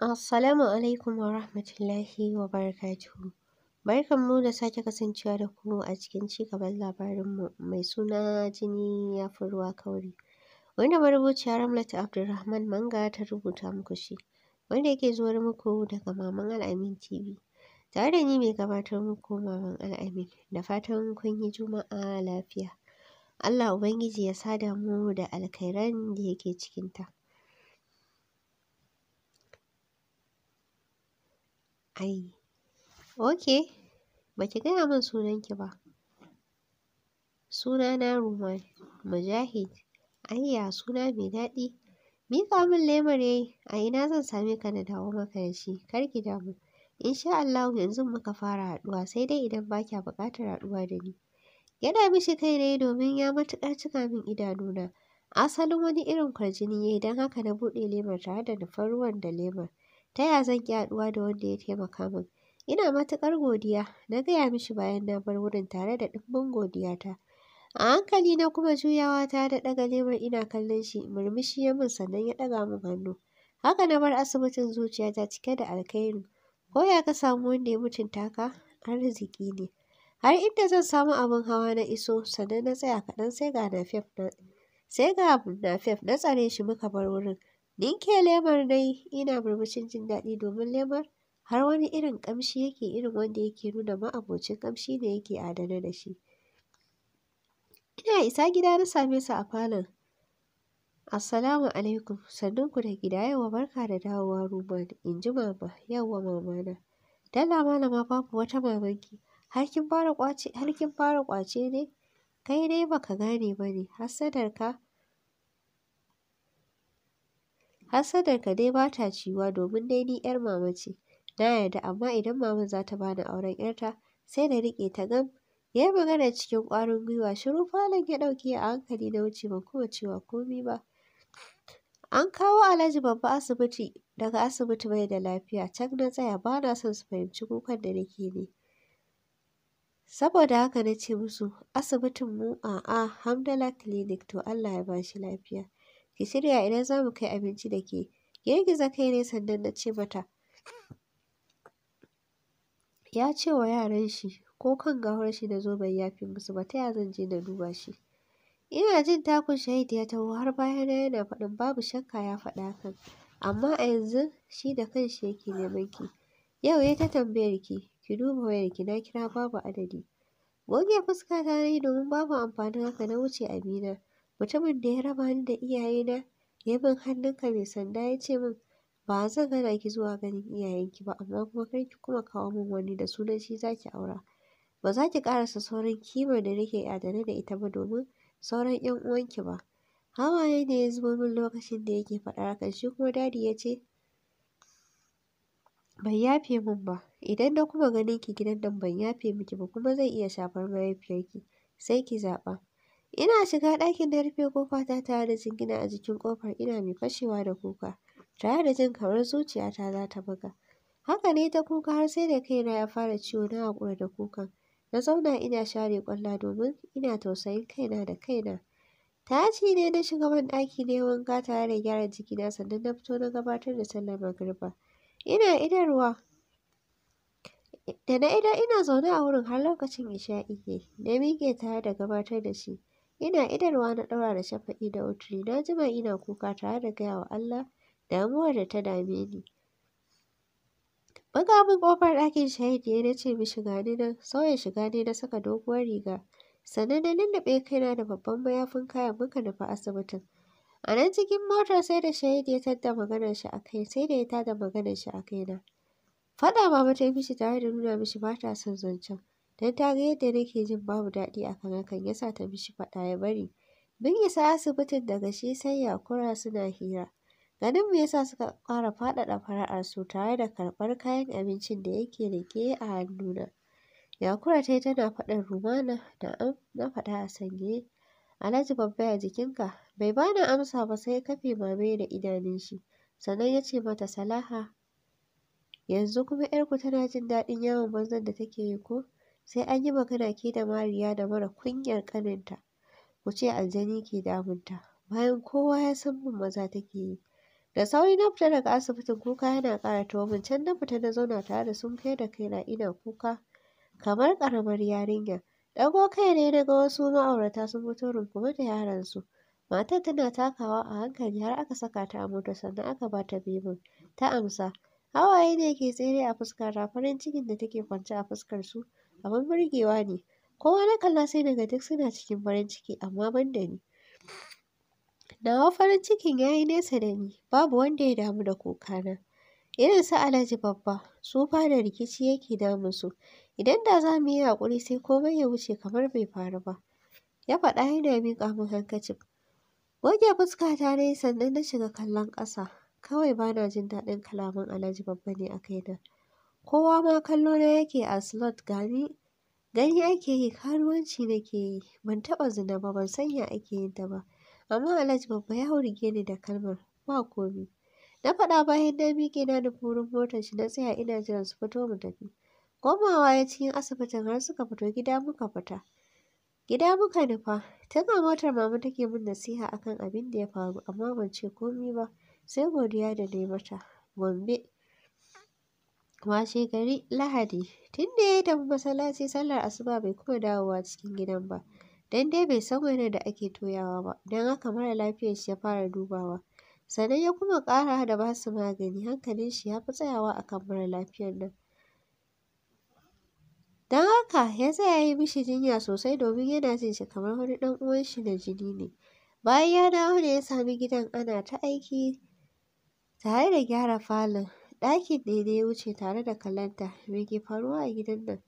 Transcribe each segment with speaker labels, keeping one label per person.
Speaker 1: Assalamu alaikum wa rahmatullahi wa barakatuhu. mu da sake kasancewa da ku a cikin ci cigaban labarinmu mai suna jini ya fi ruwa kauri. Wanda marubuciya ta Abdulrahman Manga ta rubuta muku shi, wanda yake zuwar muku daga Maman Al'amin TV. Tare da ni mai gabatar muku Maman Al'amin, da fatan kun yi juma'a lafiya. Allah Ubangiji ya sada mu da alkhairan da yake ta. Ai, okay. Ba ki gaya min sunanki ba. Sunana Ruman Mujahid. Ayya suna mai daɗi. Miƙa min lemar yayi, a ina zan same ka na dawo maka da shi, kar ki damu. Insha Allahu yanzu muka fara haɗuwa sai dai idan ba kya buƙatar haɗuwa da ni. Yana mishi kai ne domin ya matuƙar cika min idanuna. Asalin wani irin kwarjini ya yi don haka na buɗe lemar tare da nufar ruwan da lemar. Ta ya zan ƙi haɗuwa da wanda ya taimaka min? Ina matuƙar godiya, na gaya mishi bayan na bar wurin tare da ɗimbin godiyata. A hankali na kuma juyawa ta da ɗaga leman ina kallon shi, murmushi ya min sannan ya ɗaga min hannu. Haka na bar asibitin zuciyata cike da alkairi. Ko ya ka samu wanda ya mutunta ka? Arziki ne. Har inda zan samu abin hawa na iso, sannan na tsaya kaɗan sai sai ga Nafef na tsare shi muka bar wurin. Ninke lemar dai ina murmushin jin daɗi domin lemar har wani irin ƙamshi yake irin wanda yake nuna ma'abocin ƙamshi ne yake adana da shi. Ina isa gida na same su a falon. Assalamu alaikum, sannun ku da gida yawa barka da dawowa Ruman, in ji mama, yawa mamana. Dala malama babu wata mamanki, har kin fara ƙwace, har kin fara ƙwace ne? Kai dai baka gane ba ne, hassadar ka Hassadarka dai ba ta ciwuwa domin dai ni 'yar mama ce, na yarda amma idan mama za ta bani auren 'yarta sai na riƙe ta gam. Ya yi magana cikin ƙwarin gwiwa, shiru falon ya ɗauke a hankali na wuce ban kuma cewa komi ba. An kawo Alhaji Babba asibiti daga asibiti mai da lafiya, can na tsaya ba na son su fahimci kukan da nake ne. Saboda haka na ce musu asibitin mu a'a Hamdala Clinic to Allah ya ba shi lafiya. ki shirya idan za mu kai abinci da ke. Girgiza kai ne sannan na ce mata, ya ce wa yaran shi ko kan gawar shi da zoben ya fi musu ba ta ya zan je na duba shi. Ina jin takun shahidi ya taho har bayan yana faɗin babu shakka ya faɗa hakan. Amma a yanzu shi da kanshi yake neman ki. Yau ya ta tambayar ki, ki duba wayar ki na kira babu adadi. Goge fuska ta yi domin babu amfanin haka na wuce Amina. Mutumin da ya raba ni da iyaye iyayena ya min ka mai sanda ya ce min ba zan hana ki zuwa ganin iyayenki ba amma kuma kar ki kuma kawo min wani da sunan shi za ki aura. Ba za ki ƙarasa sauran kimar da nake adane da ita ba domin sauran 'yan uwanki ba. Hawaye ne ya zubo min lokacin da yake faɗar hakan shi kuma dadi ya ce bai yafe min ba idan na kuma ganin ki gidan nan ban yafe miki ba kuma zai iya shafar mahaifiyarki sai ki zaɓa. Ina shiga ɗakin da rufe kofa ta tare da jingina a jikin kofar ina mai fashewa da kuka, tare da jin kamar zuciyata za ta buga. Haka ne ta kuka har sai da kaina ya fara ciwo na haƙura da kuka Na zauna ina share ƙwalla domin ina tausayin kaina da kaina. Taci ne na shiga ban ɗaki ne wanka tare da gyara jikina sannan na fito na gabatar da sallar magriba. Ina idarwa da na ida ina zaune a wurin har lokacin isha'i ne, na miƙe tare da gabatar da shi. Ina idarwa na ɗaura da shafa'i da wuturi. Na jima ina kuka tare da gaya wa Allah damuwar da ta dame ni. Buga ƙofar ɗakin shahid ya na ce mishi gani nan, sauya shiga ne na saka doguwar riga. Sannan na lullube kaina da babban mayafin kayan muka nufi asibitin. A nan cikin motar sai da shahid ya tadda maganar shi a kai, sai da ya tada maganar shi a kaina. Faɗa ba ta yi mishi tare da nuna mishi ba ta son zancen. don ta ga yadda nake jin babu daɗi akan hakan ya sa ta mishi faɗa ya bari. Mun isa asibitin daga shi sai yakura suna hira. Ganin me yasa suka ƙara faɗaɗa fara'ar su tare da karɓar kayan abincin da yake riƙe a hannuna. Yakura ta yi tana faɗin Rumana da am na faɗa a sanye. Alhaji babba a jikinka bai bani amsa ba sai kafe mame da idanun shi sannan ya ce mata salaha yanzu kuma yarku tana jin daɗin yawon banzan da take yi ko sai an yi magana ke da Mariya da mara kunyar ƙaninta, ku ce aljani ke damunta, bayan kowa ya san min maza take yi. Da sauri na fita daga asibitin kuka yana ƙara tawo can na fita na zauna tare da sun kai da kaina ina kuka kamar ƙaramar yarinya. Ɗago kai ne na ga wasu ma'aurata sun fito rungume da yaransu. Matar tana takawa a hankali har aka saka ta a mota sannan aka ba ta bebin. Ta amsa. Hawaye ne ke tsere a fuskar farin cikin da take kwance a fuskar su kamar burgewa ne kowa na kalla sai daga duk suna cikin farin ciki amma ban da ni nawa farin cikin ya yi nesa da ni babu wanda ya damu da kokana irin su alhaji babba su da rikici yake damun su idan da za mu yi haƙuri sai komai ya wuce kamar bai faru ba ya faɗa yana miƙa min hankacin goge fuska ta yi sannan na shiga kallon ƙasa kawai bana jin daɗin kalaman alhaji babba ne a kaina kowa ma kallo na yake a slot gani gani ake yi karuwanci nake yi ban taɓa zina ba ban sanya ake yin ta ba amma alhaji babba ya hurge ni da kalmar ba komi na faɗa bayan na miƙe na nufi wurin motar shi na tsaya ina jiran su fito mu tafi komawa ya cikin asibitin har suka fito gida muka fita gida muka nufa tun a motar mama take min nasiha akan abin da ya faru amma ban ce komi ba sai godiya da na mata gombe washe gari lahadi tun da ya tafi masallaci sallar asuba bai kuma dawowa cikin gidan ba dan dai bai san wani da ake toyawa ba don haka mara lafiyar shi ya fara dubawa sannan ya kuma kara da basu magani hankalin shi ya fi tsayawa akan mara lafiyar nan don haka ya tsaya yi mishi jinya sosai domin yana jin shi kamar wani ɗan uwan shi na jini ne bayan ya dawo ne ya sami gidan ana ta aiki tare da gyara falon Ɗakin da ya wuce tare da kallonta, me ke faruwa a gidan nan?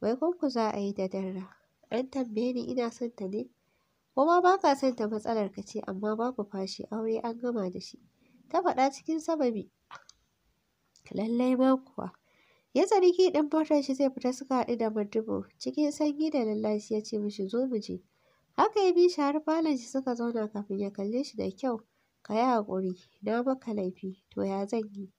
Speaker 1: Baikonku za a yi da Darra. An tambaye ni ina son ta ne? Ko ma ba ka son ta ka ce amma babu fashi aure an gama da shi. Ta faɗa cikin sababi. Lallai ma kuwa. Ya ki ɗin motar shi zai fita suka haɗu da mandubo Cikin sanyi da lallashi ya ce mishi zo mu je. Haka ya bi shi har falon shi suka zauna kafin ya kalle shi da kyau. Ka yi haƙuri, na maka laifi, to ya zan yi?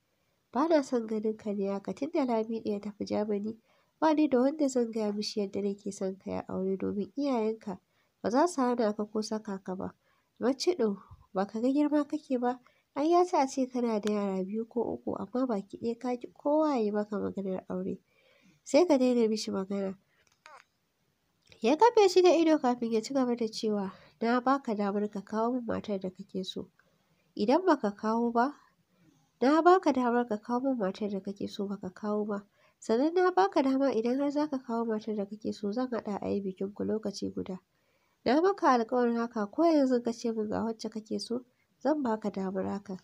Speaker 1: Ba na son ganin ka ne haka tunda Lamido ya tafi Germany ba ni da wanda zan gaya mishi yadda nake son ka ya aure domin iyayenka ba za su hana ka ko saka ka ba. Maciɗo ba ka ga girma kake ba ai ya sa a ce kana da yara biyu ko uku amma baki ɗaya ka ƙi kowa ya yi maka maganar aure. Sai ka daina mishi magana. Ya kafe shi da ido kafin ya ci gaba da cewa na baka damar ka kawo min matar da kake so. Idan ba ka kawo ba Na baka damar ka kawo min matar da kake so baka kawo ba. Sannan na baka dama idan har zaka kawo matar da kake so zan haɗa a yi bikin ku lokaci guda. Na maka alƙawarin haka ko yanzu ka ce min ga wacce kake so zan baka damar haka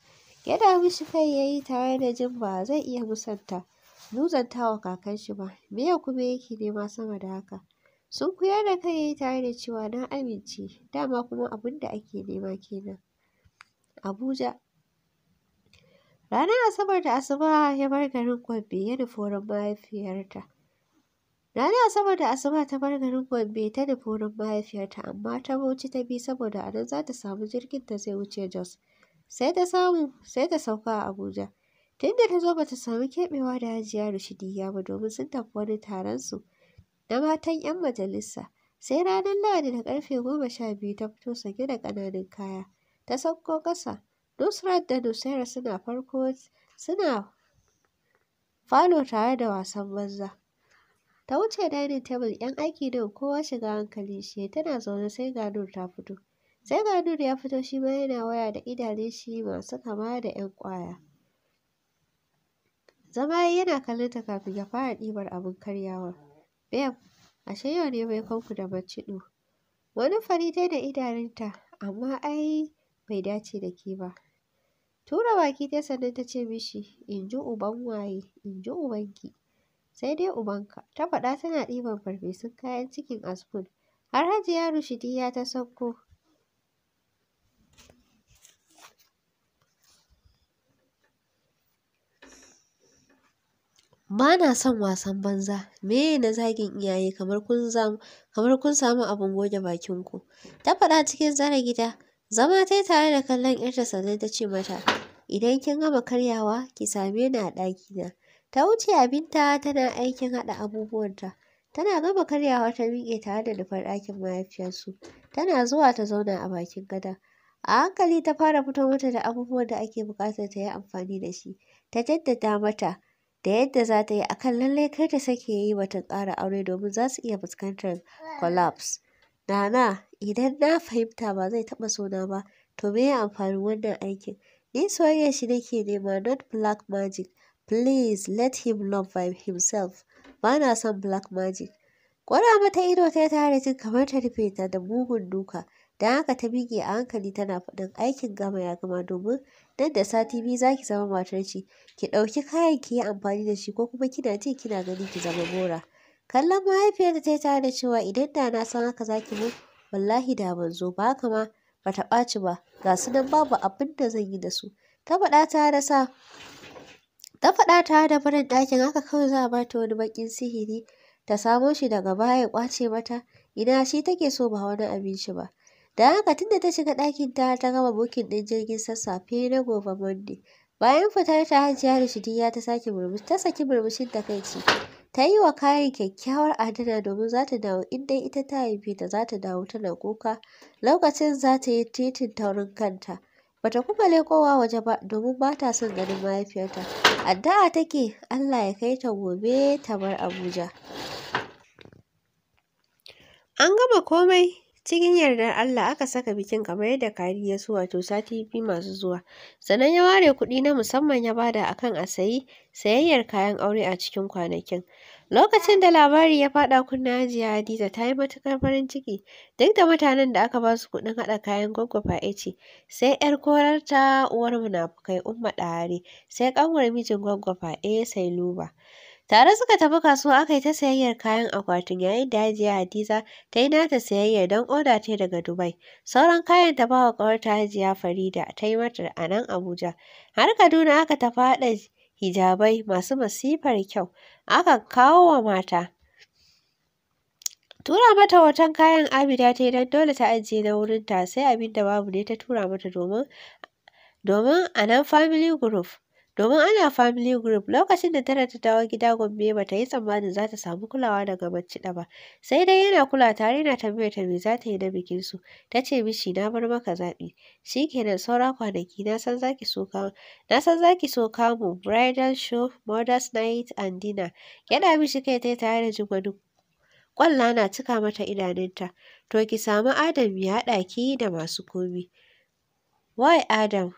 Speaker 1: yana mishi kai yayi tare da jin ba zai iya musanta muzantawa kakan shi ba. miya kuma yake nema sama da haka? Sun kuyar da kai yayi tare da cewa na amince dama kuma abun da ake nema kenan. Abuja Ranar Asabar da Asuba ya bar garin Gombe ya nufi wurin mahaifiyarta. Ranar Asabar da Asuba ta bar garin Gombe ta nufi wurin mahaifiyarta amma ta bauchi ta bi saboda a nan za ta samu jirgin da zai wuce Jos. Sai ta samu sai ta sauka a Abuja. Tunda ta zo ba ta samu keɓewa da Hajiya Rushidiyya ba domin sun tafi wani taron su na matan 'yan majalisa. Sai ranar Lahadi da karfe goma sha biyu ta fito sake da ƙananan kaya. Ta sauko ƙasa. Nusrat da Nusaira suna farko suna falo tare da wasan banza. Ta wuce dining table 'yan aiki din kowa shiga hankali shi tana zaune sai ga Nur ta fito. Sai ga Nur ya fito shi ma yana waya da idanun shi masu kama da 'yan ƙwaya. Zama yana kallon ta kafin ya fara ɗibar abin karyawa. Babe, ashe yau ne baikonku da maccido. Wani fari dai da idanunta amma ai bai dace da ke ba. Tura baki ta sannan ta ce mishi, in ji uban waye, in ji ubanki, sai dai ubanka, ta faɗa tana ɗiban farfesun kayan cikin a spoon. Har Hajiya Rushidiya ta sauko. Ba na son wasan banza, Me na zagin iyaye kamar kun samu abin goge bakinku. Ta faɗa cikin zara gida. Zama ta yi tare da kallon 'yarta sannan ta ce mata, idan kin gama karyawa ki same ni a ɗaki na. Ta wuce abinta tana aikin haɗa abubuwanta. Tana gama karyawa ta miƙe tare da nufar ɗakin su, Tana zuwa ta zauna a bakin gada. A hankali ta fara fito mata da abubuwan da ake buƙatar ta yi amfani da shi. Ta jaddada mata da yadda za ta yi akan lallai kar ta sake ya yi ƙara aure domin za su iya fuskantar collapse. Nana, idan na fahimta ba zai taɓa sona ba, to meye amfanin wannan aikin? Ni soyayyar shi nake nema not black magic. Please let him love by himself. ba na son black magic. Ƙura mata ido ta tare jin kamar ta rufe ta da mugun duka. Don haka ta miƙe a hankali tana faɗin aikin gama ya gama domin nan da sati biyu za ki zama matar Ki ɗauki kayan ki yi amfani da shi ko kuma kina ji kina gani ki zama mora. Kallon mahaifiyarta ta yi tare da cewa idan da na san haka za ki wallahi da ban zo ba haka ma ba ta ɓaci ba ga su nan babu abin da zan yi da su. Ta faɗa ta da sa ta faɗa ta da barin ɗakin haka kawai za a ba ta wani baƙin sihiri ta samo shi daga baya ya ƙwace mata ina shi take so ba wani abin shi ba. Da haka da ta shiga ɗakin ta ta gama bukin ɗin jirgin sassafe na gobe Monday. Bayan fitar ta hajiya da shidiya ta sake murmushi ta saki murmushin takaici. Ta yi wa kayan kyakkyawar adana domin za ta dawo in ita ta haifi ta za ta dawo tana kuka lokacin za ta yi titin taurin kanta. Bata ta kuma leƙowa waje ba domin ba ta son ganin mahaifiyarta. Addu'a take Allah ya kai ta gobe ta bar Abuja. An gama komai Cikin yardar Allah aka saka bikin kamar yadda Kari ya so wato sati biyu masu zuwa. Sannan ya ware kuɗi na musamman ya bada akan a sayi sayayyar kayan aure a cikin kwanakin. Lokacin da labari ya faɗa kunna Hajiya Hadiza ta yi matukar farin ciki duk da mutanen da aka ba su kuɗin haɗa kayan gwaggwafa ya ce sai 'yar korarta uwar munafukai Umma Ɗahari sai ƙanwar mijin gwaggwafa ya eh, sai luba. Tare suka tafi kasuwa aka yi ta sayayyar kayan akwatin yayin da Hajiya Hadiza ta yi nata sayayyar don oda ce daga Dubai. Sauran kayan ta bawa wa ƙawarta Hajiya Farida ta yi mata a nan Abuja. Har Kaduna aka tafi haɗa hijabai masu masifar kyau aka kawo wa mata. Tura mata hoton kayan Abida ta yi don dole ta ajiye na wurinta sai abin da babu ne ta tura mata domin domin a nan family group domin ana family group lokacin da tana ta dawo gida gombe ba ta yi tsammanin za ta samu kulawa daga da ba sai dai yana kula tare na tambayar ta me za ta yi na bikin su ta ce mishi na bar maka zaɓi Shi shikenan saura kwanaki na san za ki so ka na san za ki so mu, bridal show mothers night and dinner yana mishi kai tai tare da jin wani kwalla na cika mata idanunta to ki samu adam ya haɗa ki da masu komi Why adam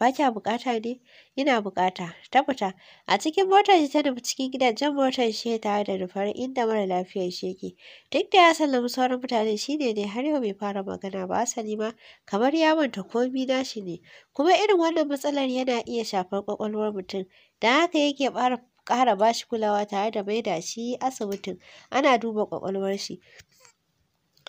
Speaker 1: ba kya buƙata ne? Ina buƙata, ta A cikin motar shi ta nufi cikin gidan motar shi tare da nufar inda mara lafiyar shi yake. Duk da ya sallami sauran mutane shi ne dai har yau bai fara magana ba asali ma kamar ya manta komi nashi ne. Kuma irin wannan matsalar yana iya shafar ƙwaƙwalwar mutum. Da haka yake ƙara ba shi kulawa tare da maida shi asibitin ana duba ƙwaƙwalwar shi.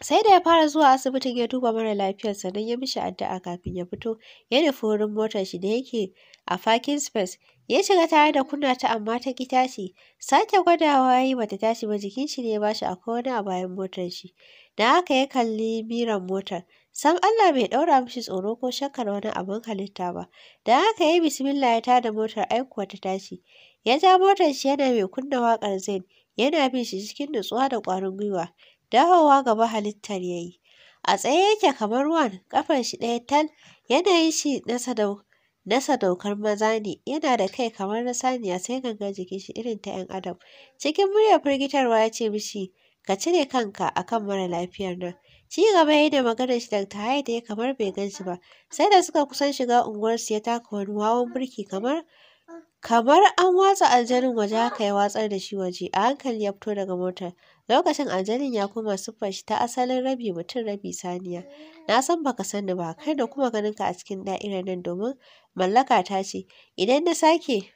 Speaker 1: sai da ya fara zuwa asibitin ya duba mara lafiyar sannan ya mishi addu'a kafin ya fito ya nufi wurin motar shi da yake a fakin space ya shiga tare da kunna ta amma ta ki tashi sake gwadawa ya yi bata tashi ba jikin shi ne ya bashi a wani a bayan motar shi da haka ya kalli miran motar san Allah bai ɗaura mishi tsoro ko shakkar wani abin halitta ba da haka ya yi bismillah ya tada motar aikuwa ta tashi ya ja motar shi yana mai kunna waƙar zain yana bin shi cikin nutsuwa da ƙwarin gwiwa dawowa gaba halittar ya yi. A tsaye yake kamar ruwan kafar shi ɗaya tal, yanayin shi na sadaukar maza ne, yana da kai kamar na saniya sai ganga jikin shi irin ta ‘yan adam. Cikin muryar firgitarwa ya ce mishi, ka cire kanka akan mara lafiyar nan. Ci gaba ya yi da maganar shi ta Haida ya kamar bai gan shi ba, sai da suka kusan shiga unguwarsu ya taka wani wawan birki kamar Kamar an watsa aljanin waje haka ya watsar da shi waje, a hankali ya fito daga motar. Lokacin aljanin ya koma siffar shi ta asalin rabi mutum rabi saniya. Na san baka sani ba, kar da kuma ganinka a cikin da'irar nan domin mallaka ta ce. Idan na sake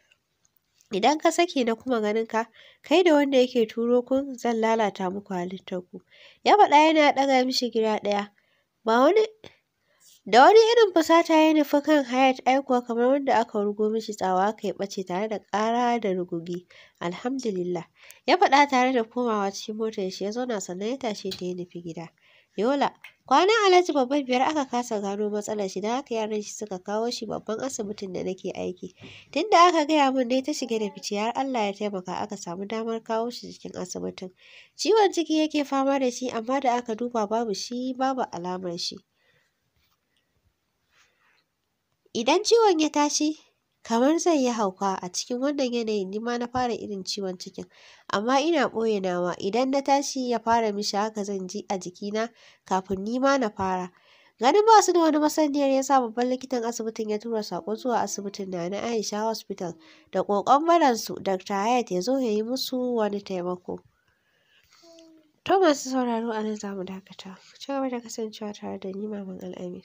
Speaker 1: Idan ka sake na kuma ganin ka, kai da wanda yake turo kun zan lalata muku halittar ku. Ya faɗa yana ɗaga mishi gida ɗaya. Ba wani Da wani irin fusata ya nufi kan Hayat aikuwa kamar wanda aka rugo mishi tsawa kai yi ɓace tare da ƙara da rugugi. Alhamdulillah. Ya faɗa tare da komawa cikin motar shi ya zauna sannan ya tashe ta ya nufi gida. Yola, kwanan Alhaji babban biyar aka kasa gano matsalar shi don haka yaran shi suka kawo shi babban asibitin da nake aiki. Tunda aka gaya mun dai ta shige da fice har Allah ya taimaka aka samu damar kawo shi cikin asibitin. Ciwon ciki yake fama da shi amma da aka duba babu shi babu alamar shi. Idan ciwon ya tashi, kamar zai yi hauka a cikin wannan yanayin ni ma na fara irin ciwon cikin amma ina ɓoye nawa idan na tashi ya fara mishi haka zan ji a jikina kafin ni ma na fara ganin ba su da wani masaniyar ya sa babban likitan asibitin ya tura saƙo zuwa asibitin na na aisha hospital da ƙoƙon baransu dr hayat ya zo ya yi musu wani taimako to masu sauraro a nan za mu dakata ci gaba da kasancewa tare da ni maman al'amin